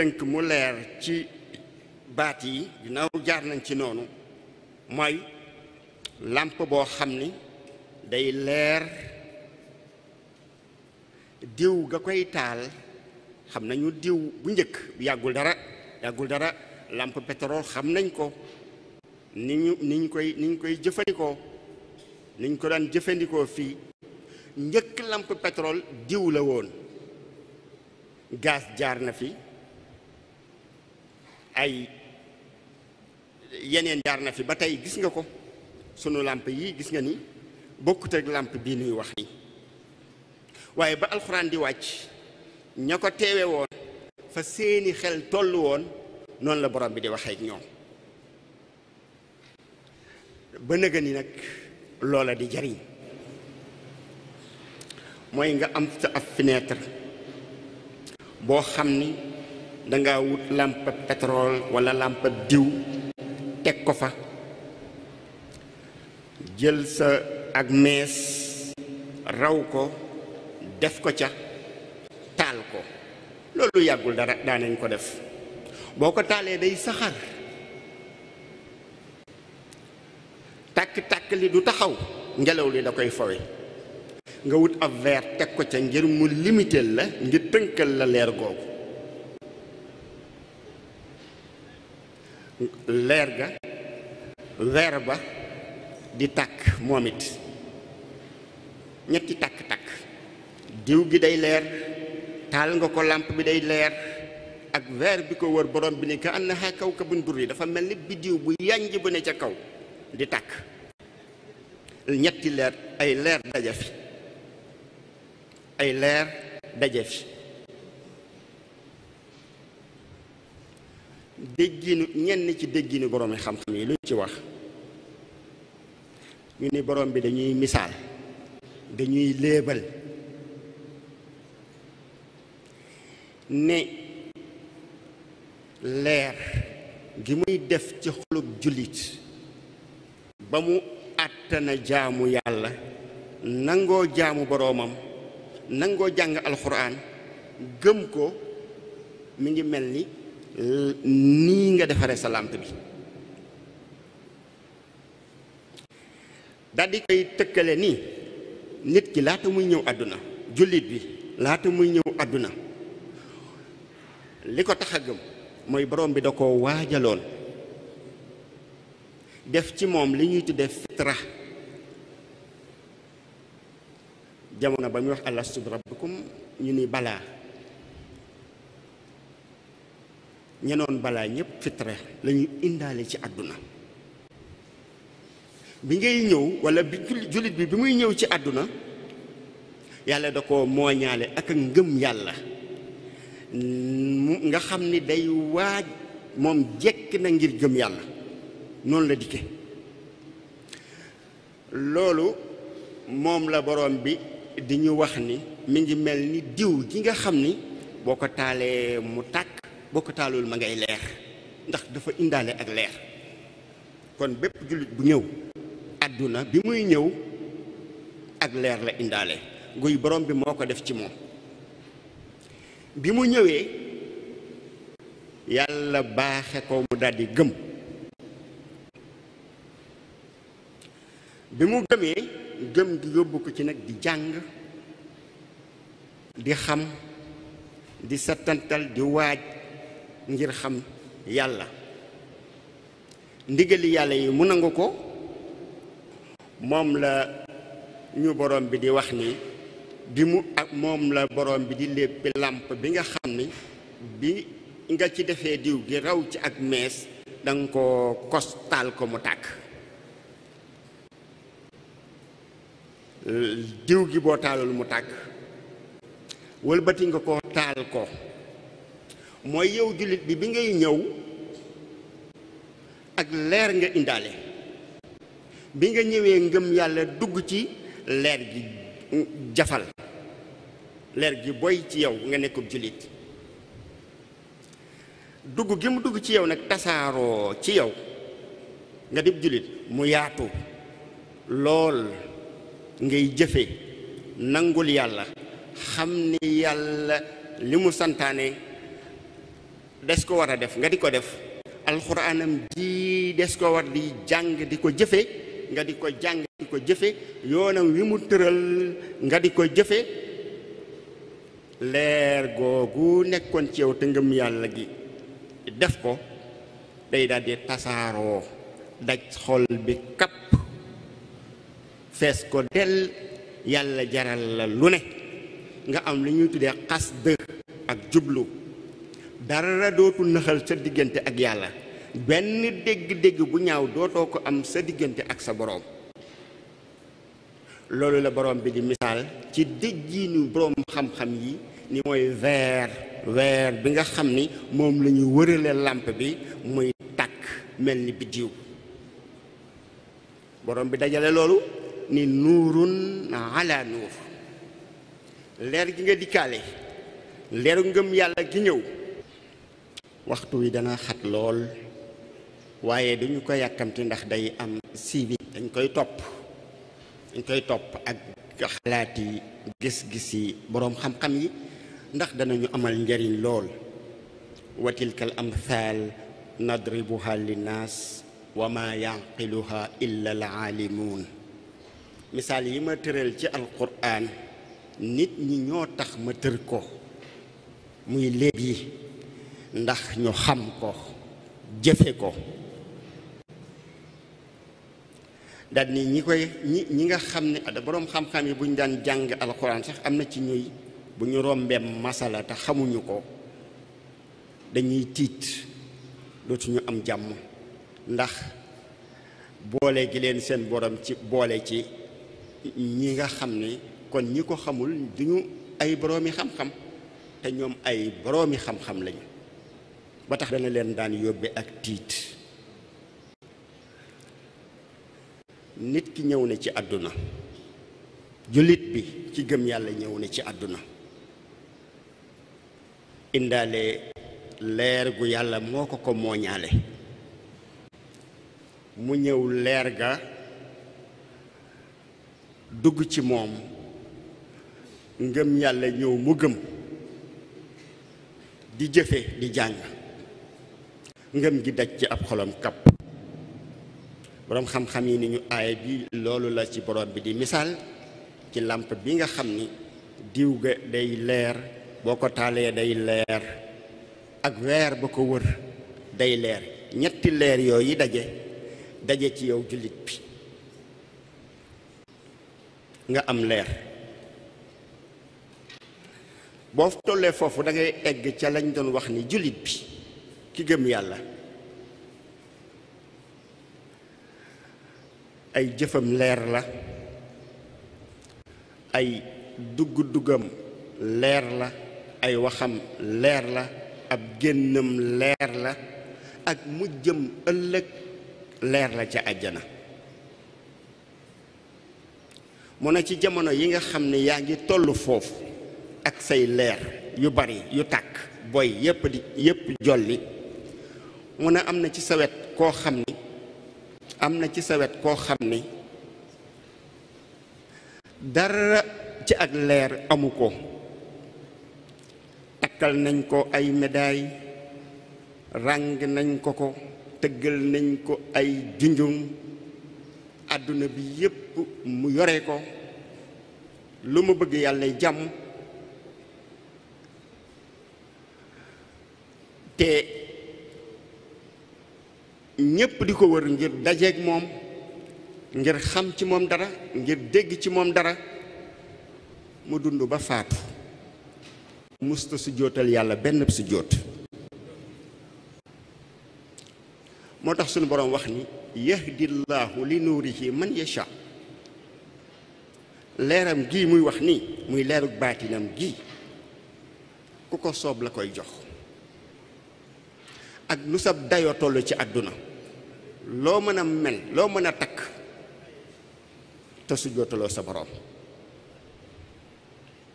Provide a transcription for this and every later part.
tënk mu leer ci baat yi ginnaaw jaar nañ ci noonu mooy làmp boo xam ni day leer diw ga koy taal xam nañu diw bu njëkk yàggul dara yàggul dara làmp pétrole xam nañ ko ni ñu ni koy ni koy jëfandikoo ni ko daan jëfandikoo fii njëkk làmp pétrole diw la woon gaz jaar na fi ay yeneen jaar na fi ba tey gis nga ko sunu làmp yi gis nga ni bokkut ak làmp bii nuy wax ni waaye ba alxuraan di wàcc ña ko teewe woon fa seeni xel toll woon noonu la borom bi di waxee ak ñoom ba nëga nag loola di jariñ mooy nga am sa ab fenêtre boo xam ni danga wut làmp pétrole wala làmp diw teg ko fa jël sa ak mees raw ko def ko ca taal ko loolu yàggul dara daanañ ko def boo ko taalee day saxar tàkk-tàkk li du taxaw ngelaw li da koy fowe nga wut ab verre teg ko ca ngir mu limiter la ngir tënkal la leer googu leer ga weer ba di tàkk moom it ñetti tàkk-tàkk diw gi day leer taal nga ko làmp bi day leer ak weer bi ko wër borom bi ni ka annaha kawkabun durri dafa mel ni biddiw bu yanj bu ne ca kaw di tàkk ñetti leer ay leer daje fi ay leer daje fi dégginu ñenn ci dégginu boroomi xam-xam yi lu ci wax ñu ni boroom bi dañuy misaal dañuy léebal ne leer gi muy def ci xolub jullit ba mu àttana jaamu yàlla nangoo jaamu boroomam nangoo jàng alxuraan gëm ko mi ngi mel ni Euh, nii nga defaree sa lampe bi daldi di koy tëkkale nii nit ki laata muy ñëw àdduna jullit bi laata muy ñëw àdduna li ko tax a gëm mooy borom bi da ko waajaloon def ci moom li ñuy tuddee fitra jamono ba muy wax alastu bi ñu ni balaa ñenoon balaa ñëpp fitre la ñu indaale ci àdduna bi ngay ñëw wala bi jullit bi bi muy ñëw ci àdduna yàlla da ko mooñaale ak ngëm yàlla nga xam ni day waaj moom jekk na ngir gëm yàlla noonu la dikke loolu moom la borom bi di ñu wax ni mi ngi mel ni diw gi nga xam ni boo ko taalee mu tàkk boo ko ma ngay leer ndax dafa indaale ak leer kon bépp jullit bu ñëw àdduna bi muy ñëw ak leer la indaale guy borom bi moo ko def ci moom bi mu ñëwee yàlla baaxe ko mu daldi gëm bi mu gëmee gëm gi yóbbu ko ci nag di jàng di xam di settantal di waaj ngir xam yàlla ndigali yàlla yi mu nangu ko moom la ñu borom bi di wax ni bi mu ak moom la borom bi di lépp làmp bi nga xam ni bi nga ci defee diw gi raw ci ak mees danga ko kos taal ko mu tàkk diw gi boo taalul mu tàkk wëlbati nga ko taal ko mooy yow jullit bi bi ngay ñëw ak leer nga indaale bi nga ñëwee ngëm yàlla dugg ci leer gi jafal leer gi boy ci yow nga nekkub jullit dugg gi mu dugg ci yow nag tasaaroo ci yow nga dib jullit mu yaatu lool ngay jëfe nangul yàlla xam ni yàlla li mu santaane des ko war a def nga di ko def alxuraanam ji des ko war di jàng di ko jëfe nga di ko jàng di ko jëfe yoonam wi mu tëral nga di ko jëfe leer googu nekkoon ci yow te ngëm yàlla gi def ko day daldi tasaaroo daj xol bi kapp fees ko del yàlla jaral la lu ne nga am li ñuy tuddee xas dë ak jublu dara dootul nëxal sa diggante ak yàlla benn dégg-dégg bu ñaaw dootoo ko am sa diggante ak sa boroom loolu la boroom bi di misaal ci déggiinu boroom xam-xam yi ni mooy veer veer bi nga xam ni moom la wërale làmp bi muy tàkk mel ni biddiw boroom bi dajale loolu ni nuurun ala nuur leer gi nga dikkaale leer ngëm yàlla gi ñëw waxtu wi dana xat lool waaye duñu ko yàkkamti ndax day am suivi dañ koy topp dañ koy topp ak xalaat yi gis gisi boroom xam-xam yi ndax danañu amal njariñ lool wa tilka al amthal nadribuha linnaas wa ma yaqiluha illa al aalimuun misaal yi ma tëral ci alquran nit ñi ñoo tax ma tër ko muy léeb yi ndax ñu xam ko jëfe ko daal ni ñi koy ñi ñi nga xam ne ah, boroom xam-xam yi bu ñu daan jàng alxuraan sax am na ci ñuy bu ñu rombee masala te xamuñu ko dañuy tiit ñu am jàmm ndax boole gi leen seen borom ci boole ci ñi nga xam ni kon ñi ko xamul duñu ay boroomi xam-xam te ñoom ay boroomi xam-xam lañu ba tax dana leen daan yóbbe ak tiit nit ki ñëw na ci àdduna jullit bi ci gëm yàlla ñëw na ci àdduna indaale leer gu yàlla moo ko ko mooñaale mu ñëw leer ga dugg ci moom ngëm yàlla ñëw mu gëm di jëfe di jàng ngëm gi daj ci ab xolam kapp boroom xam-xam yi ni ñu aaya bi loolu la ci borom bi di misaal ci làmp bi nga xam ni diw ga day leer boo ko taalee day leer ak weer ba ko wër day leer ñetti leer yooyu daje daje ci yow jullit bi nga am leer boo tollee foofu dangay ngay egg ca lañ doon wax ni jullit bi ki gëm yàlla ay jëfam leer la ay dugg-duggam leer la ay waxam leer la ab génnam leer la ak mujjëm ëllëg leer la ca àjjana mu ne ci jamono yi nga xam ne yaa ngi tollu foofu ak say leer yu bari yu tàkk booy yépp yépp jolli mu ne am na ci sawet koo xam ni am na ci sawet wet koo xam ni dara ci ak leer amu ko takkal nañ ko ay medaay ràng nañ ko ko tëggal nañ ko ay junjum àdduna bi yépp mu yore ko lu mu bëgg yàlla jàmm te ñépp di ko wër ngir dajeek moom ngir xam ci moom dara ngir dégg ci moom dara mu dund ba faatu musta su jootal yàlla benn su joot moo tax suñu boroom wax ni yahdillaahu li nuurihi man yasha leeram gii muy wax nii muy leerug baatinam gi ku ko soob la koy jox ak nu sab dayoo toll ci àdduna loo mën a mel loo mën a takk te su sa boroom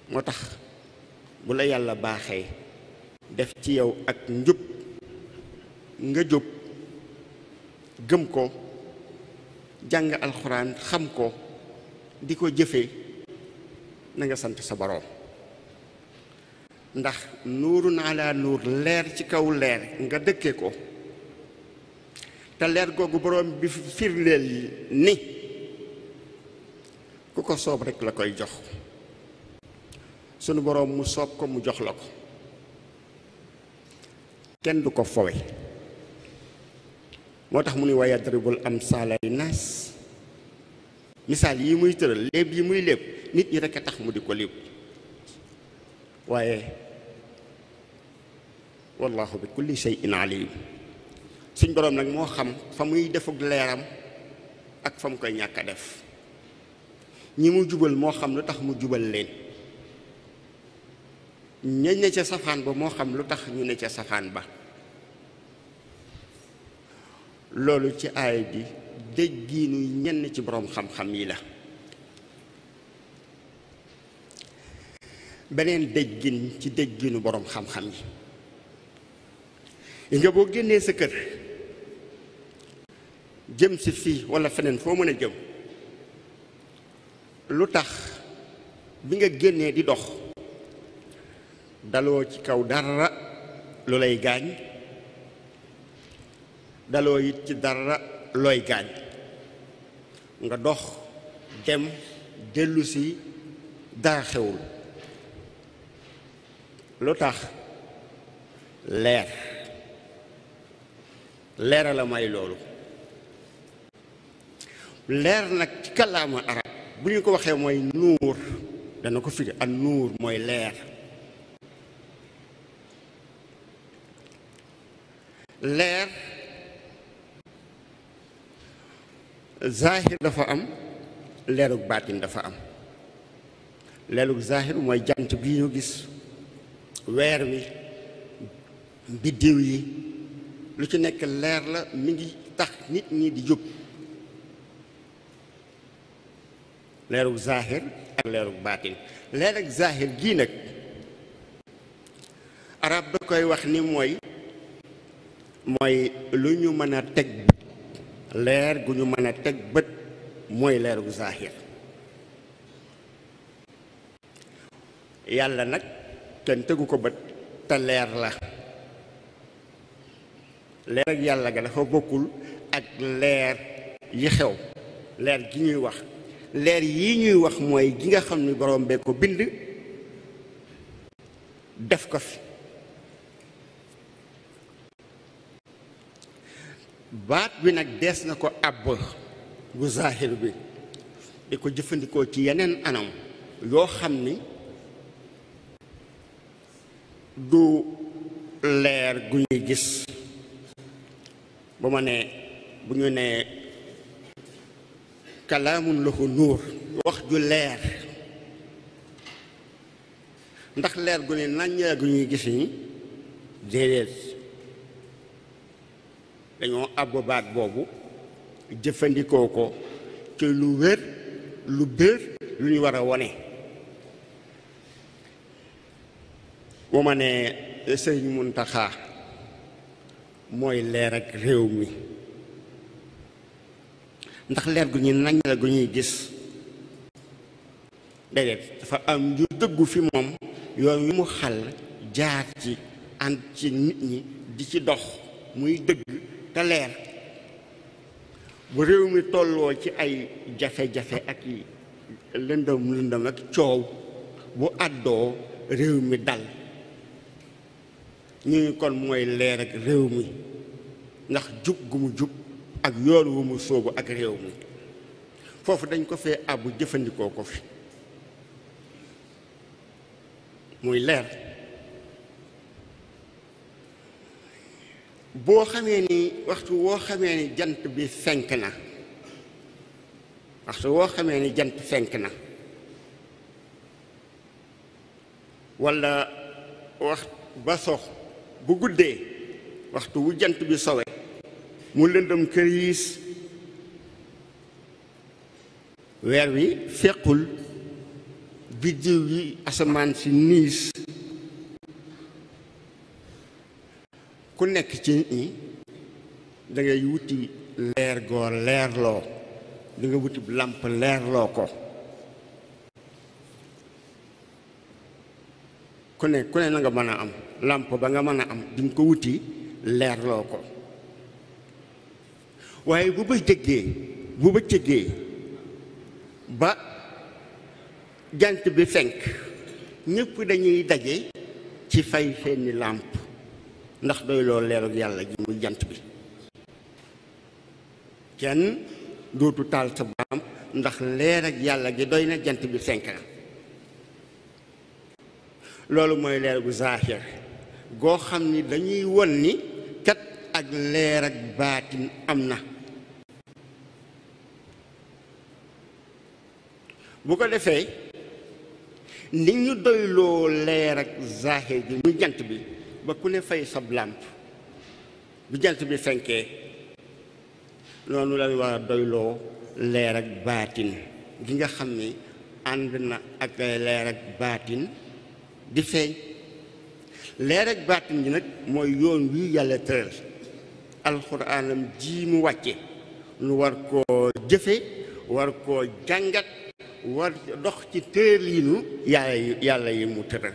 moo tax bu la yàlla baaxee def ci yow ak njub nga jóg gëm ko jàng alxuraan xam ko di ko jëfee nanga nga sant sa boroom ndax nuuru naa laa nuur leer ci kaw leer nga dëkke ko te leer googu boroom bi firndeel ni ku ko soob rekk la koy jox sunu boroom mu soob ko mu jox la ko kenn du ko fowe moo tax mu ni wa yadribul amsaala linnaas misaal yi muy tëral léeb yi muy léeb nit ñi rekk a tax mu di ko léeb waaye wallahu bi kulli shay'in alim suñ boroom nag moo xam fa muy defug leeram ak fa mu koy ñàkk a def ñi mu jubal moo xam lu tax mu jubal leen ñañ ne ca safaan ba moo xam lu tax ñu ne ca safaan ba loolu ci aaya bi déggiinu ñenn ci boroom xam-xam yi la beneen déggin ci dégginu boroom xam-xam yi nga boo génnee sa kër jëm si fii wala feneen foo mën a jëm lu tax bi nga génnee di dox daloo ci kaw dara lu lay gaañ daloo it ci dara looy gaañ nga dox dem dellu si dara xewul lu tax leer leera la may loolu leer nag ci kàllaama arab bu ñu ko waxee mooy nuur dana ko firi ak nuur mooy leer leer zahir dafa am leerug baatin dafa am leerug zahir mooy jant bi ñu gis weer wi biddiw yi lu ci nekk leer la mi ngi tax nit ñi di jóg leerug zahir ak leerug baatin leerug zahir gii nag arab da koy wax ni mooy mooy lu ñu mën a teg leer gu ñu mën a teg bët mooy leerug zahir yàlla nag kenn tegu ko bët te leer la leer ak yàlla ga dafa bokkul ak leer yi xew leer gi ñuy wax leer yi ñuy wax mooy gi nga xam ne borom bee ko bind def ko fi baat bi nag dees na ko àbb bu zahir bi di ko jëfandikoo ci yeneen anam yoo xam ni du leer gu ñuy gis bu ma nee bu ñu nee kalaamun lahu nuur wax ju leer ndax leer gu ne nàññee gu ñuy gis ñi déedéet dañoo àbb baat boobu jëfandikoo ko ci lu wér lu bér lu ñu war a wone bu ma ne sëriñ Muntaxa mooy leer ak réew mi ndax leer gu ñu nañ la gu ñuy gis déedéet dafa am yu dëggu fi moom yoon mu xal jaar ci ànd ci nit ñi di ci dox muy dëgg te leer bu réew mi tolloo ci ay jafe-jafe ak lëndëm lëndëm ak coow bu àddoo réew mi dal ñu ngi kon mooy leer ak réew mi ndax jub gu mu jub ak yoon wu mu sóobu ak réew mi foofu dañ ko fee àbbu jëfandikoo ko fi muy leer boo xamee ni waxtu woo xamee ni jant bi fenk na waxtu woo xamee ni jant fenk na walla wax ba sox bu guddee waxtu wu jant bi sowe mu lëndëm këriis weer wi fequl biddiw yi asamaan si niis ku nekk ci nit ñi da wuti leer goo leerloo da wuti làmp leerloo ko ku ne ku ne na nga mën a am làmp ba nga mën a am di nga ko wuti leerloo ko waaye bu bëccëgee bu bëccëgee ba jant bi fenk ñëpp dañuy daje ci fay seeni làmp ndax doyloo loolu leerug yàlla ji muy jant bi kenn dootu taal sa baam ndax leer ak yàlla gi doy na jant bi fenk na loolu mooy leer gu zaahir goo xam ni dañuy won ni kat ak leer ak baatin am na bu ko defee ni ñu doyloo leer ak zaaxir bi mu jant bi ba ku ne fay sab làmp bu jant bi fenkee noonu lañ war a doyloo leer ak baatin gi nga xam ni ànd na ak leer ak baatin di feeñ leer ak baatin gi nag mooy yoon wi yàlla tëral alxuraanam ji mu wàcce nu war koo jëfe war koo jàngat war dox ci tërëliinu yàlla yi yàlla yi mu tëral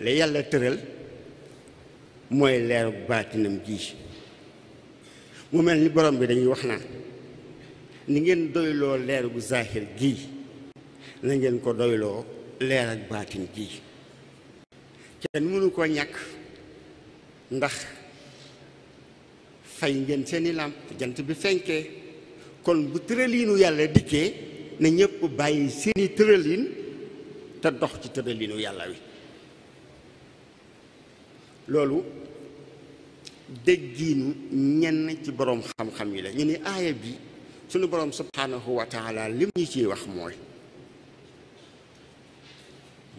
la yàlla tëral mooy leer baatinam ji mu mel ni borom bi dañuy wax naa ni ngeen doyloo leer bu zahir gii na ngeen ko doyloo leer ak baatin gii kenn mënu ko ñàkk ndax fay ngeen seeni làmp jant bi fenkee kon bu tëraliinu yàlla dikkee na ñëpp bàyyi seeni tërëliin te dox ci tëraliinu yàlla wi loolu déggiinu ñenn ci boroom xam-xam yi la ñu ne aaya bi suñu boroom subhaanahu wa taala lim ñu ciy wax mooy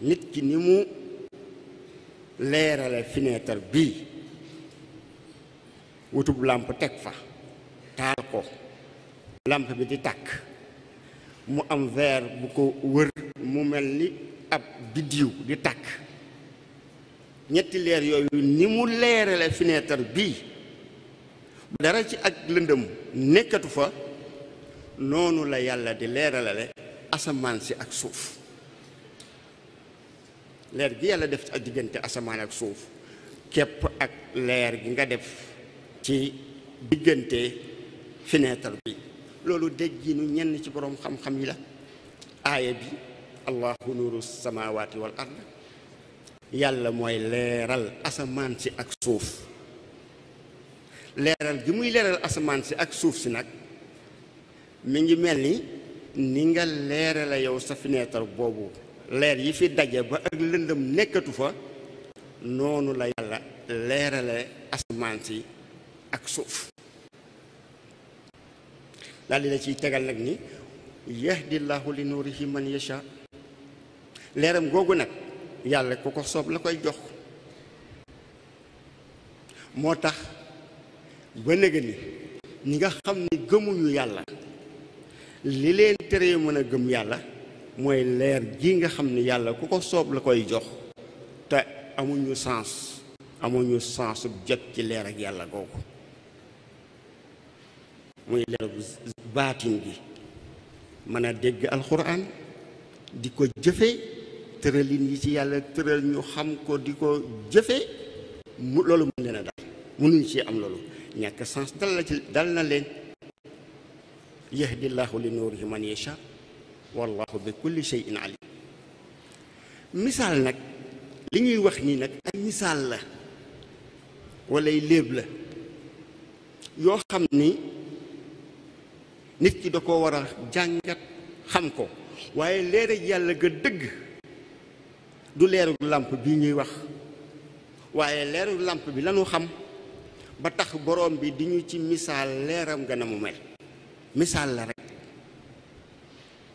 nit ki ni mu leerale fenêtre bii wutub làmp teg fa taal ko lampe bi di tàkk mu am verre bu ko wër mu mel ni ab biddiw di tàkk ñetti leer yooyu ni mu leerale fineetar bi dara ci ak lëndëm nekkatu fa noonu la yàlla di leeralale asamaan si ak suuf leer gi yàlla def ci ak diggante asamaan ak suuf kepp ak leer gi nga def ci diggante fenêtre bi loolu dégg dégginu ñenn ci boroom xam-xam yi la aaya bi allahu nuru samawati wal ard yàlla mooy leeral asamaan si ak suuf leeral gi muy leeral asamaan si ak suuf si nag mi ngi mel ni ni nga leerala yow sa fenêtre boobu leer yi fi daje ba ak lëndëm nekkatu fa noonu la yàlla leerale asamaan si ak suuf daal di ciy tegal nag ni yahdillahu li nuurihi man yasha leeram googu nag yàlla ku ko soob la koy jox moo tax ba nëga ni ñi nga xam ni gëmuñu yàlla li leen teree mën a gëm yàlla mooy leer gi nga xam ni yàlla ku ko soob la koy jox te amuñu sens amuñu sensu jot ci leer ak yàlla googu muy leeru baatin bi mën a dégg alxuraan di ko jëfe tëralin yi ci yàlla tëral ñu xam ko di ko jëfe mu loolu mën leen a daal mënuñ ci am loolu ñàkk sens dal la ci dal na leen yahdillahu li nuurihi man yasha wallahu bi kulli shay'in alim misaal nag li ñuy wax nii nag ay misaal la walay léeb la yoo xam ni nit ki da ko war a jàngat xam ko waaye leer yàlla ga dëgg du leeru làmp bi ñuy wax waaye leeru làmp bi lañu xam ba tax boroom bi di ñu ci misaal leeram ganamu a mel misaal la rekk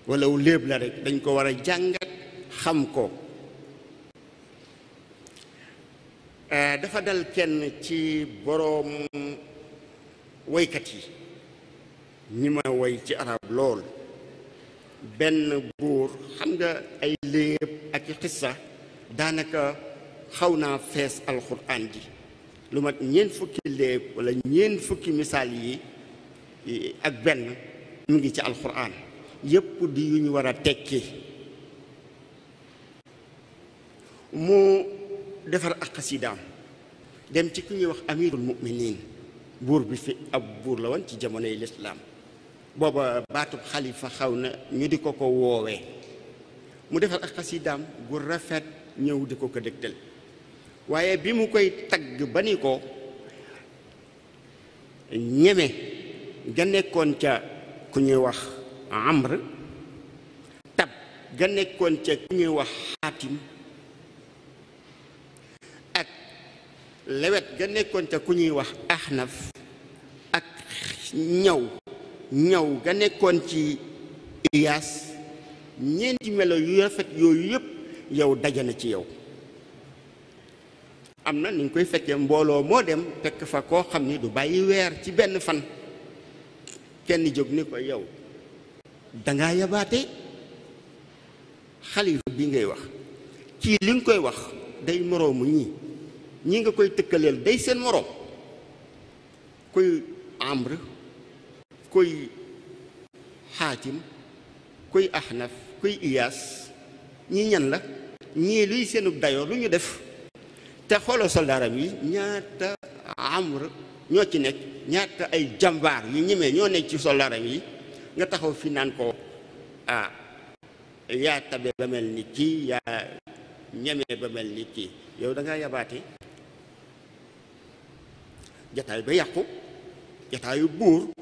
walla wu léeb la rekk dañ ko war a jàngat xam ko dafa dal kenn ci boroom woykat yi ñi ma woy ci arab lool benn buur xam nga ay léeb ak i xissa daanaka xaw naa fees alxuraan ji lu mat ñeent fukki léeb wala ñeent fukki misaal yi ak benn mu ngi ci alxuraan yépp di yu ñu war a tekki mu defar ak xasidaam dem ci ku ñuy wax amirul muminin buur bi fi ab buur la woon ci jamonoy lislaam booba baatub xalifa xaw na ñu di ko ko woowee mu defal ak xasidaam gu rafet ñëw di ko ko dëgtal waaye bi mu koy tagg ba ni ko ñeme ga nekkoon ca ku ñuy wax amr tab ga nekkoon ca ku ñuy wax xaatim ak lewet ga nekkoon ca ku ñuy wax axnaf ak ñaw ñaw ga nekkoon ci Ilias ñeenti melo yu rafet yooyu yëpp yow daje na ci yow am na ni ñu koy fekkee mbooloo moo dem fekk fa koo xam ni du bàyyi weer ci benn fan kenn jóg ni ko yow dangaa yabaate xalifa bi ngay wax kii li nga koy wax day moroomu ñi ñi nga koy tëkkaleel day seen moroom koy ambre kuy xaatim kuy ahnaf kuy iyaas ñi ñan la ñii luy seenu dayo lu ñu def te xooloo soldaaram yi ñaata amr ñoo ci nekk ñaata ay jàmbaar yu ñemee ñoo nekk ci soldaaram yi nga taxaw fi naan ko ah yaa tabe ba mel ni kii yaa ñemee ba mel ni kii yow da ngaa yabaate jataay ba yàqu jataayu buur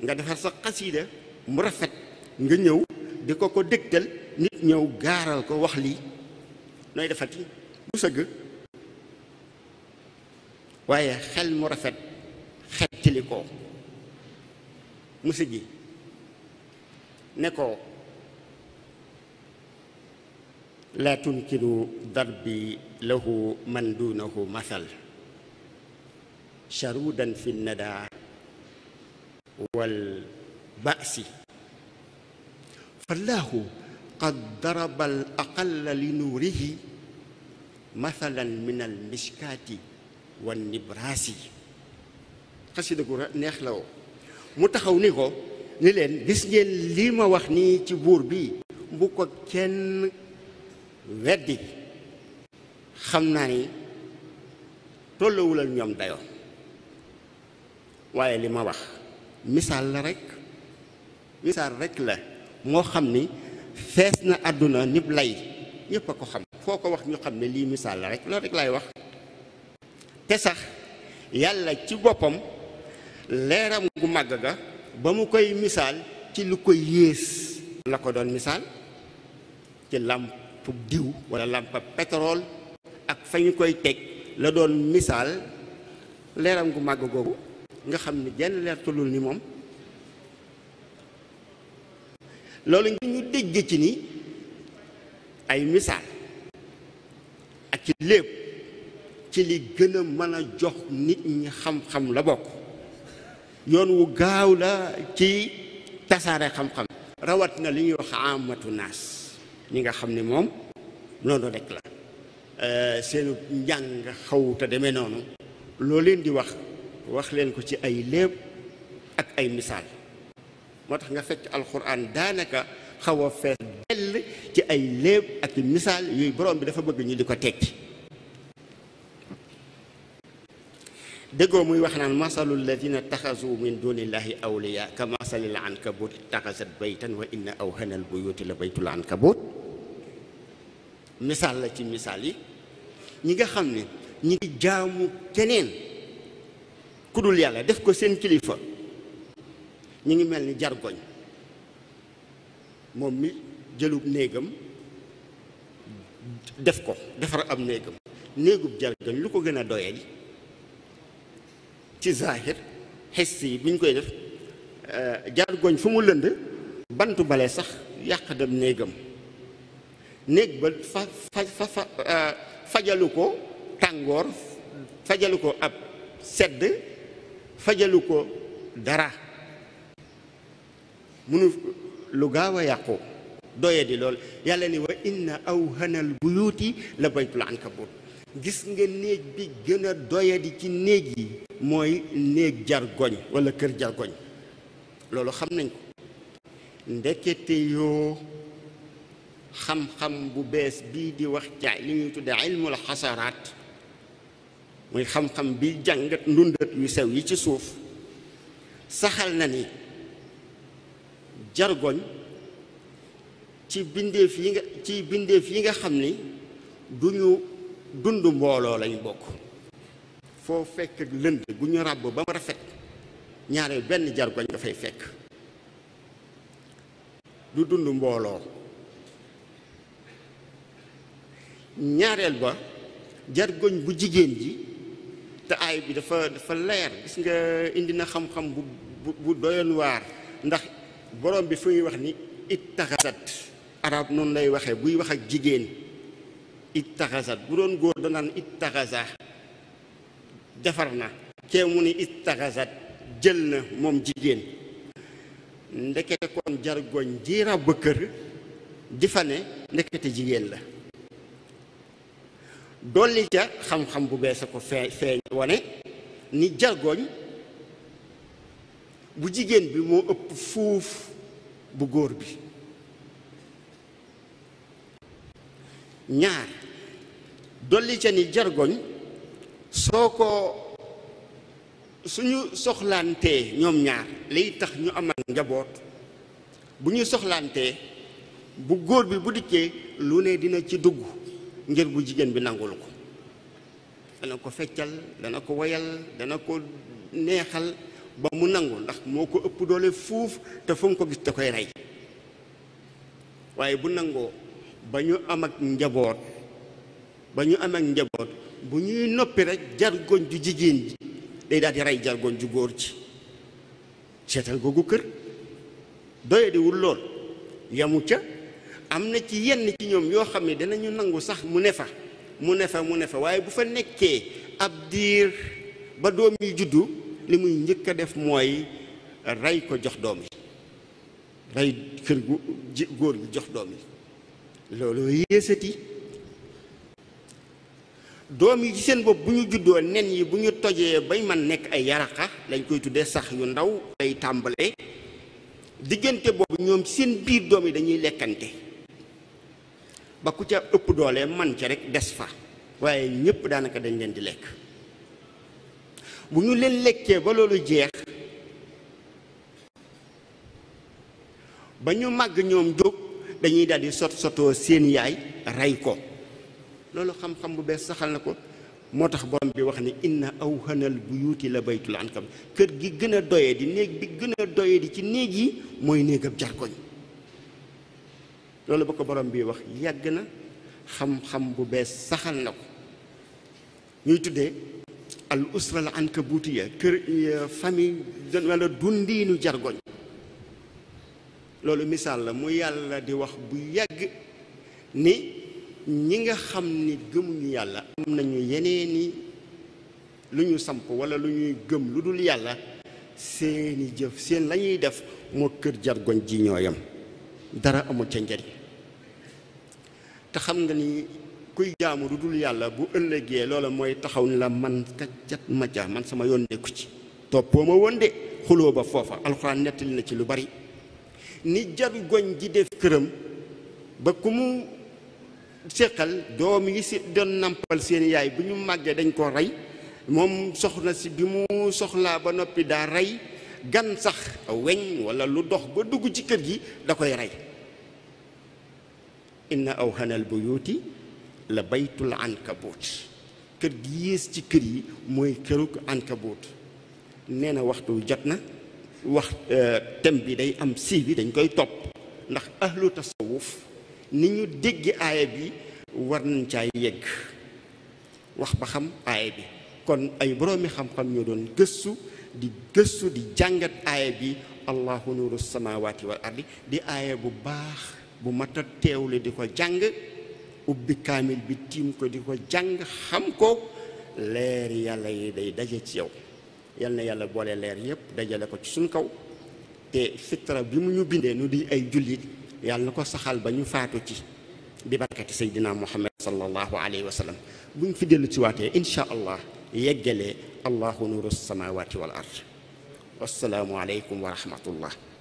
nga defar sa xasiida mu rafet nga ñëw di ko ko dégtal nit ñëw gaaral ko wax lii nooy defati bu sëgg waaye xel mu rafet xettili ko mu sëggi ne ko laa tunkinu darbi lahu man dunahu wu sharudan fi nadaa wal ba'si fallaahu qad daraba al aqalla li nuurihi mathalan min al miskaati wan nibraasi xasida gu neex la woo mu taxaw ni ko ni leen gis ngeen lii ma wax nii ci buur bi bu ko kenn weddi xam naa ni tollawul ñoom dayoo waaye li ma wax misaal la rek misaal rekk la moo xam ni fees na àdduna nib lay ñëpp a ko xam foo ko wax ñu xam ne lii misaal la rek loolu rek laay wax te sax yàlla ci boppam leeram gu màgg ga ba mu koy misaal ci lu ko yées la ko doon misaal ci làmp diw wala làmp pétrole ak fa ñu koy teg la doon misaal leeram gu màgg googu nga xam ne jenn leer tullul ni moom loolu ngir ñu dégg ci ni ay misaal ak ci lépp ci li gën mën a jox nit ñi xam-xam la bokk yoon wu gaaw la ci tasaare xam-xam rawat na li ñuy wax amatu naas ñi nga xam ni moom noonu rek la euh, seenu njàng xawuta deme noonu loo leen di wax wax leen ko ci ay léeb ak ay misaal moo tax nga fekk alxuraan daanaka xaw a fees dell ci ay léeb ak misaal yooyu borom bi dafa bëgg ñu di ko tekki déggoo muy wax naan masalu dina taxasu min dunillahi awliya ka masalil ankabut taxasat baytan wa aw awhana al buyuti la baytul ankabut misaal la ci misaal yi ñi nga xam ni ñi ngi jaamu keneen ku dul yàlla def ko seen kilifa ñu ngi mel ni jargoñ moom mi jëlub néegam def ko defar am néegam néegub jargoñ lu ko gën a doyee ji ci zahir xes yi bi ñu koy def euh, jargoñ fu mu lënd bantu bale sax yàq dem néegam néeg ba fa fa fa euh, fajalu ko tàngoor fajalu ko ab sedd fajalu ko dara munu lu gaaw a yàqu doye di lool yàlla ni wa inna bu buyuti la baytul ankabut gis nga néeg bi gën a doye di ci néeg yi mooy néeg jargoñ wala kër jargoñ loolu xam nañ ko ndekete yoo xam-xam bu bees bii di wax caay li ñuy tudde ilmul xasaraat mooy xam-xam bi jàngat ndundat yu sew yi ci suuf saxal na ni jargoñ ci bindeef yi nga xam ni duñu dund mbooloo lañu bokk foo fekk lënd gu ñu ràbb ba mu rafet ñaare benn jargoñ dafay fekk du dund mbooloo ñaareel ba jargoñ bu jigéen ji te ay bi dafa dafa leer gis nga indi na xam-xam bu bu doyoon waar ndax borom bi fu muy wax ni ittaxasat arab noonu lay waxee buy wax ak jigéen ittaxasat bu doon góor danaan ittaxasa defar na kee mu ni ittaxasat jël na moom jigéen ndekete kon jargoñ ji ràbb kër di fa ne ndekete jigéen la dolli ca xam-xam bu bees ko fee feeñ wane ni jargoñ bu jigéen bi moo ëpp fuuf bu góor bi ñaar dolli ca ni jargoñ soo ko suñu soxlaantee ñoom ñaar lay tax ñu amal njaboot bu ñu soxlaantee bu góor bi bu dikkee lu ne dina ci dugg ngir bu jigéen bi nangul ko dana ko feccal dana ko woyal dana ko neexal ba mu nangu ndax moo ko ëpp doole fuuf te fu mu ko gis da koy rey waaye bu nangoo ba ñu am ak njaboot ba ñu am ak njaboot bu ñuy noppi rek jargoñ ju jigéen ji day daal di rey jargoñ ju góor ji seetal googu kër doye lool yamu ca am na ci yenn ci ñoom yoo xam ne danañu nangu sax mu ne fa mu ne fa mu ne fa waaye bu fa nekkee ab diir ba doom yi juddu li muy njëkk a def mooy rey ko jox doom yi rey kër góor gi jox doom yi loolu yéesati doom yi ci seen bopp bu ñu juddoo nen yi bu ñu tojee bay man nekk ay yaraqa lañ koy tuddee sax yu ndaw lay tàmbalee diggante boobu ñoom seen biir doom yi dañuy lekkante ba ku ca ëpp doolee man ca rek des fa waaye ñëpp daanaka dañ leen di lekk bu ñu leen lekkee ba loolu jeex ba ñu màgg ñoom jóg dañuy daldi di sot sotoo seen yaay rey ko loolu xam-xam bu bees saxal na ko moo tax borom bi wax ne inna awhanal buyuuti la baytul ankam kër gi gën a doye di néeg bi gën a di ci néeg yi mooy néegab jargoñ loolu ba ko borom bii wax yàgg na xam-xam bu bees saxal na ko ñuy tuddee al usra la ankabutiya kër euh, famille wala dundiinu jargoñ loolu misaal la mu yàlla di wax bu yàgg ni ñi nga xam ni gëmuñu yàlla am nañu yeneeni lu ñu samp wala lu ñuy gëm lu dul yàlla seeni jëf seen lañuy def moo kër jargoñ ji ñooyam dara amul ca njariñ te xam nga ni kuy jaamu du dul yàlla bu ëllëgee loola mooy taxaw ni la man kacat ma man sama yoon nekku ci toppoo ma woon de xuloo ba foofa alxuraan nettali na ci lu bari ni jaru goñ ji def këram ba ku mu séqal doom yi si doon nàmpal seen yaay bu ñu màggee dañ koo rey moom soxna si bi mu soxlaa ba noppi daa rey gan sax weñ walla lu dox ba dugg ci kër gi da koy rey inna awhana al yuuti la baytul ankabut kër gi yées ci kër yi mooy kërug ankabut nee na waxtu jot na wax euh, thème bi day am si bi dañ koy topp ndax ahlu tasawuf ni ñu déggi aaya bi war nañ caa yegg wax ba xam aaya bi kon ay boroomi xam-xam ñoo doon gëstu di gëstu di jàngat aaya bi allahu nuru samawati wal ardi di aaya bu baax bu mat a teewle di ko jàng ubbi kaamil bi tiim ko di ko jàng xam ko leer yàlla yi day daje ci yow yal na yàlla boole leer yépp dajale ko ci suñ kaw te fitra bi mu ñu bindee nu di ay jullit yàlla na ko saxal ba ñu faatu ci bi barkati seydina muhammad sallallahu alayhi wa sallam buñ fi dellu ci waatee insha allah yeggalee allahu nuru samawati wal ard wassalaamu aleykum wa rahmatullah